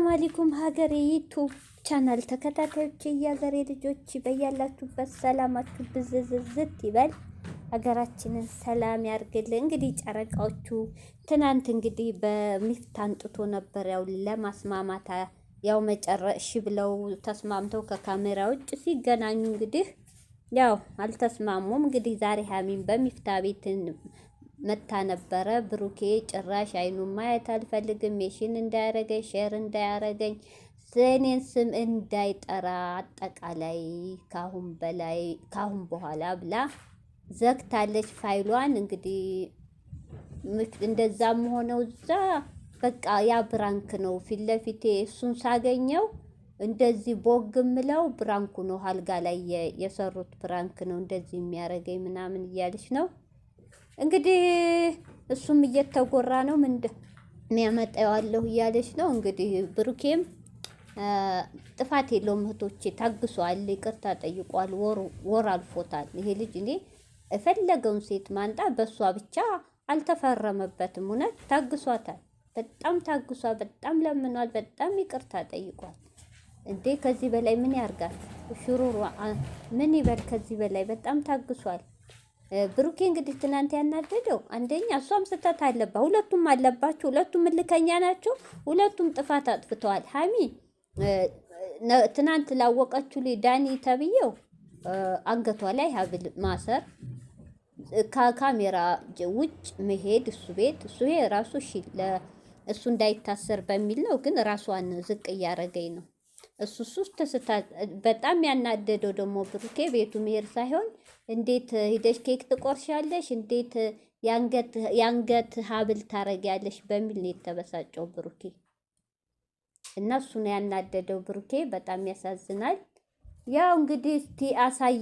ሰላም አለይኩም ሀገሬ ዩቱብ ቻናል ተከታታዮች የሀገሬ ልጆች በያላችሁበት ሰላማችሁ ብዝዝዝት ይበል። ሀገራችንን ሰላም ያርግልን። እንግዲህ ጨረቃዎቹ ትናንት እንግዲህ በሚፍታ አንጥቶ ነበር ያው ለማስማማት ያው መጨረሽ ብለው ተስማምተው ከካሜራ ውጭ ሲገናኙ እንግዲህ ያው አልተስማሙም። እንግዲህ ዛሬ ሀሚን በሚፍታ ቤት መታ ነበረ። ብሩኬ ጭራሽ አይኑን ማየት አልፈልግም፣ ሜሽን እንዳያረገኝ፣ ሼር እንዳያረገኝ፣ የእኔን ስም እንዳይጠራ አጠቃላይ ካሁን በላይ ካሁን በኋላ ብላ ዘግታለች ፋይሏን። እንግዲህ እንደዛም ሆነው እዛ በቃ ያ ብራንክ ነው። ፊት ለፊቴ እሱን ሳገኘው እንደዚህ ቦግ ምለው ብራንኩ ነው፣ አልጋ ላይ የሰሩት ብራንክ ነው እንደዚህ የሚያረገኝ ምናምን እያለች ነው እንግዲህ እሱም እየተጎራ ነው። ምንድ ያመጣዋለሁ እያለች ነው እንግዲህ ብሩኬም ጥፋት የለውም እህቶቼ፣ ታግሷል፣ ይቅርታ ጠይቋል። ወር አልፎታል። ይሄ ልጅ እኔ የፈለገውን ሴት ማንጣ በእሷ ብቻ አልተፈረመበትም። እውነት ታግሷታል፣ በጣም ታግሷ፣ በጣም ለምኗል፣ በጣም ይቅርታ ጠይቋል። እንዴ ከዚህ በላይ ምን ያርጋል? ሽሩሩ ምን ይበል? ከዚህ በላይ በጣም ታግሷል። ብሩኬ እንግዲህ ትናንት ያናደደው አንደኛ እሷም ስህተት አለባት፣ ሁለቱም አለባቸው። ሁለቱም እልከኛ ናቸው። ሁለቱም ጥፋት አጥፍተዋል። ሀሚ ትናንት ላወቀችው ላይ ዳኒ ተብዬው አንገቷ ላይ ሀብል ማሰር፣ ከካሜራ ውጭ መሄድ እሱ ቤት እሱ ራሱ እሱ እንዳይታሰር በሚል ነው። ግን ራሷን ዝቅ እያረገኝ ነው እሱ እሱ ተስታ በጣም ያናደደው ደግሞ ብሩኬ ቤቱ መሄድ ሳይሆን እንዴት ሂደሽ ኬክ ትቆርሻለሽ፣ እንዴት የአንገት ሀብል ታረጊያለሽ በሚል ነው የተበሳጨው ብሩኬ እና እሱ ነው ያናደደው ብሩኬ። በጣም ያሳዝናል። ያው እንግዲህ እስቲ አሳይ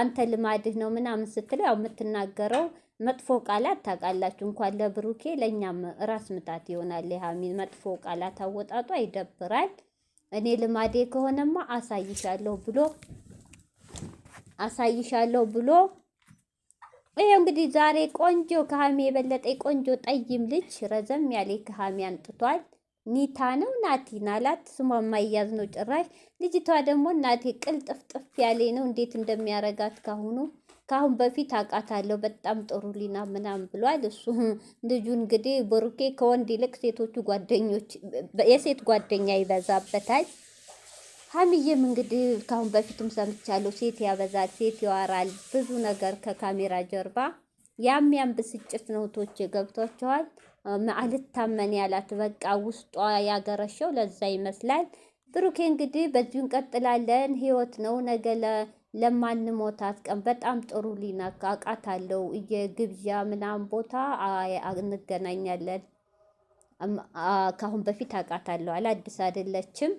አንተ ልማድህ ነው ምናምን ስትለው ያው የምትናገረው መጥፎ ቃላት ታውቃላችሁ፣ እንኳን ለብሩኬ ለእኛም ራስ ምታት ይሆናል። የሀሚ መጥፎ ቃላት አወጣጧ ይደብራል። እኔ ልማዴ ከሆነማ አሳይሻለሁ ብሎ አሳይሻለሁ ብሎ ይሄ እንግዲህ ዛሬ ቆንጆ ከሀሚ የበለጠ ቆንጆ ጠይም ልጅ ረዘም ያለ ከሀሚ አንጥቷል። ኒታ ነው ናቲ ናላት ስሟ ማያዝ ነው ጭራሽ። ልጅቷ ደግሞ እናቴ ቅልጥፍጥፍ ያለ ነው እንዴት እንደሚያረጋት ካሁኑ ከአሁን በፊት አውቃታለሁ በጣም ጥሩ ሊና ምናምን ብሏል። እሱ ልጁ እንግዲህ ብሩኬ ከወንድ ይልቅ ሴቶቹ ጓደኞች የሴት ጓደኛ ይበዛበታል። ሀሚዬም እንግዲህ ከአሁን በፊትም ሰምቻለሁ፣ ሴት ያበዛል፣ ሴት ይዋራል፣ ብዙ ነገር ከካሜራ ጀርባ ያም ያም ብስጭት ነው። ቶች ገብቷቸዋል። አልታመን ያላት በቃ ውስጧ ያገረሸው ለዛ ይመስላል። ብሩኬ እንግዲህ በዚሁ እንቀጥላለን። ህይወት ነው ነገ ለማንሞታት ቀን በጣም ጥሩ ሊናካ አለው። የግብዣ ምናምን ቦታ እንገናኛለን። ከአሁን በፊት አውቃታለሁ። አዲስ አይደለችም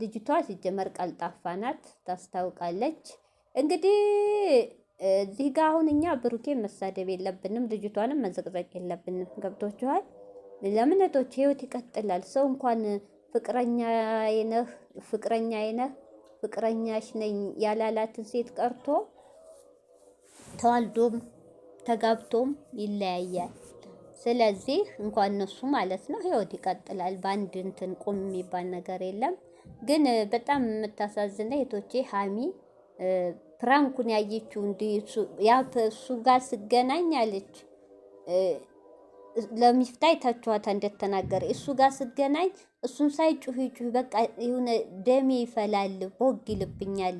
ልጅቷ። ሲጀመር ቀልጣፋ ናት፣ ታስታውቃለች። እንግዲህ እዚህ ጋር አሁን እኛ ብሩኬ መሳደብ የለብንም፣ ልጅቷንም መዘቅዘቅ የለብንም። ገብቶችኋል? ለምነቶች ህይወት ይቀጥላል። ሰው እንኳን ፍቅረኛ ነህ ፍቅረኛ ነህ ፍቅረኛሽ ነኝ ያላላትን ሴት ቀርቶ ተዋልዶም ተጋብቶም ይለያያል። ስለዚህ እንኳን እነሱ ማለት ነው ህይወት ይቀጥላል። በአንድ እንትን ቁም የሚባል ነገር የለም። ግን በጣም የምታሳዝነ የቶቼ ሀሚ ፕራንኩን ያየችው እንዲ ያ እሱ ጋር ስገናኝ አለች ለሚፍታ ይታችኋታ እንደተናገረ እሱ ጋር ስገናኝ እሱን ሳይ ጩህ ጩህ በቃ የሆነ ደሜ ይፈላል፣ ቦግ ይልብኛል።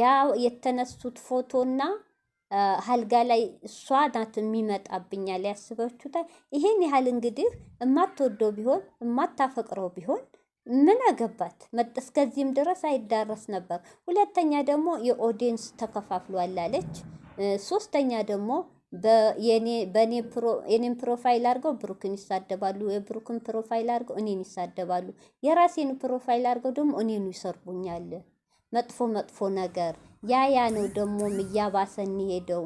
ያ የተነሱት ፎቶና ሀልጋ ላይ እሷ ናት የሚመጣብኛል። ያስበችሁታል። ይሄን ያህል እንግዲህ እማትወደው ቢሆን እማታፈቅረው ቢሆን ምን አገባት? እስከዚህም ድረስ አይዳረስ ነበር። ሁለተኛ ደግሞ የኦዲየንስ ተከፋፍሏል አለች። ሶስተኛ ደግሞ የኔን ፕሮፋይል አድርገው ብሩክን ይሳደባሉ፣ የብሩክን ፕሮፋይል አድርገው እኔን ይሳደባሉ፣ የራሴን ፕሮፋይል አድርገው ደግሞ እኔኑ ይሰርቡኛል። መጥፎ መጥፎ ነገር ያ ያ ነው ደግሞ እያባሰን ሄደው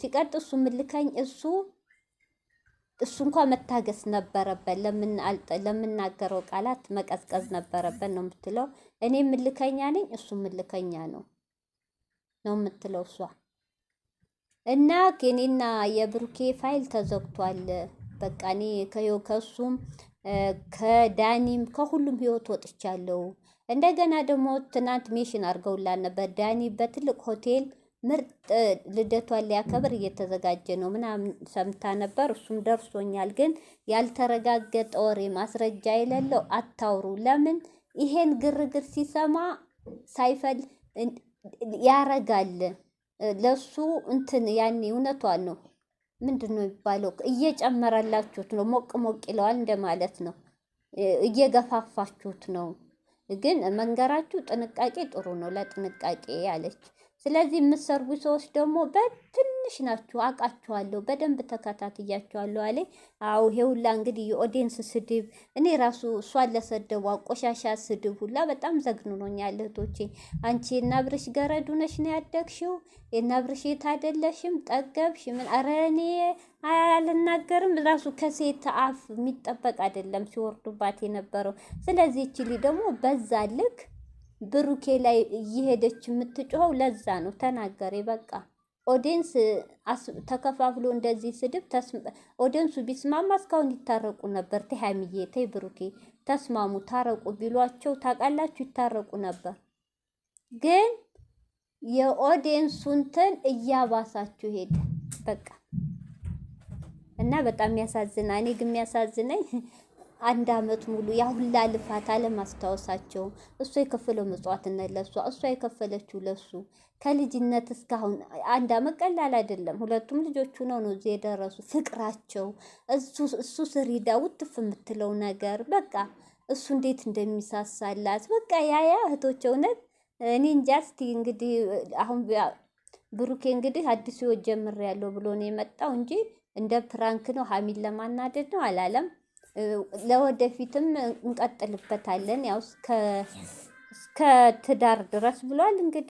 ሲቀጥ እሱ ምልከኝ እሱ እሱ እንኳ መታገስ ነበረበት። ለምናገረው ቃላት መቀዝቀዝ ነበረበት ነው የምትለው። እኔ ምልከኛ ነኝ፣ እሱ ምልከኛ ነው ነው የምትለው እሷ እና የኔና የብሩኬ ፋይል ተዘግቷል። በቃ እኔ ከሱም ከዳኒም ከሁሉም ህይወት ወጥቻለሁ። እንደገና ደግሞ ትናንት ሜሽን አድርገውላን ነበር። ዳኒ በትልቅ ሆቴል ምርጥ ልደቷን ሊያከብር እየተዘጋጀ ነው ምናምን ሰምታ ነበር። እሱም ደርሶኛል። ግን ያልተረጋገጠ ወሬ ማስረጃ የሌለው አታውሩ። ለምን ይሄን ግርግር ሲሰማ ሳይፈል ያረጋል ለሱ እንትን ያኔ እውነቷን ነው። ምንድን ነው የሚባለው? እየጨመረላችሁት ነው፣ ሞቅ ሞቅ ይለዋል እንደማለት ነው። እየገፋፋችሁት ነው። ግን መንገራችሁ ጥንቃቄ ጥሩ ነው፣ ለጥንቃቄ ያለች። ስለዚህ የምትሰርጉ ሰዎች ደግሞ በትን ትንሽ ናችሁ፣ አውቃችኋለሁ፣ በደንብ ተከታትያችኋለሁ አለ። አዎ ይሄ ሁላ እንግዲህ የኦዲየንስ ስድብ፣ እኔ ራሱ እሷን ለሰደቧ ቆሻሻ ስድብ ሁላ በጣም ዘግንኖኛል። እህቶቼ አንቺ የናብርሽ ገረዱ ነሽ ነው ያደግሽው፣ የናብርሽ የት አይደለሽም፣ ጠገብሽ ምን ኧረ እኔ አልናገርም። ራሱ ከሴት አፍ የሚጠበቅ አይደለም ሲወርዱባት የነበረው። ስለዚህ ይችሊ ደግሞ በዛ ልክ ብሩኬ ላይ እየሄደች የምትጮኸው ለዛ ነው። ተናገሬ በቃ። ኦዲየንስ ተከፋፍሎ እንደዚህ ስድብ ኦዲየንሱ ቢስማማ እስካሁን ይታረቁ ነበር። ተይ ሀይሚዬ፣ ተይ ብሩኬ ተስማሙ፣ ታረቁ ቢሏቸው ታውቃላችሁ ይታረቁ ነበር። ግን የኦዲየንሱ እያባሳችሁ ሄደ በቃ እና በጣም ያሳዝና እኔ ግን የሚያሳዝነኝ አንድ አመት ሙሉ ያሁላ ሁላ ልፋት አለማስታወሳቸው እሱ የከፈለው መጽዋዕትነት ለሷ እሷ የከፈለችው ለሱ ከልጅነት እስካሁን አንድ አመት ቀላል አይደለም። ሁለቱም ልጆቹ ነው ነው እዚህ የደረሱ ፍቅራቸው እሱ ስር ሂዳ ውትፍ የምትለው ነገር በቃ እሱ እንዴት እንደሚሳሳላት በቃ ያያ እህቶች እውነት እኔ እንጃ። እስቲ እንግዲህ አሁን ብሩኬ እንግዲህ አዲሱ ወጀምር ያለው ብሎ ነው የመጣው እንጂ እንደ ፕራንክ ነው ሀሚል ለማናደድ ነው አላለም። ለወደፊትም እንቀጥልበታለን። ያው እስከ ትዳር ድረስ ብሏል እንግዲህ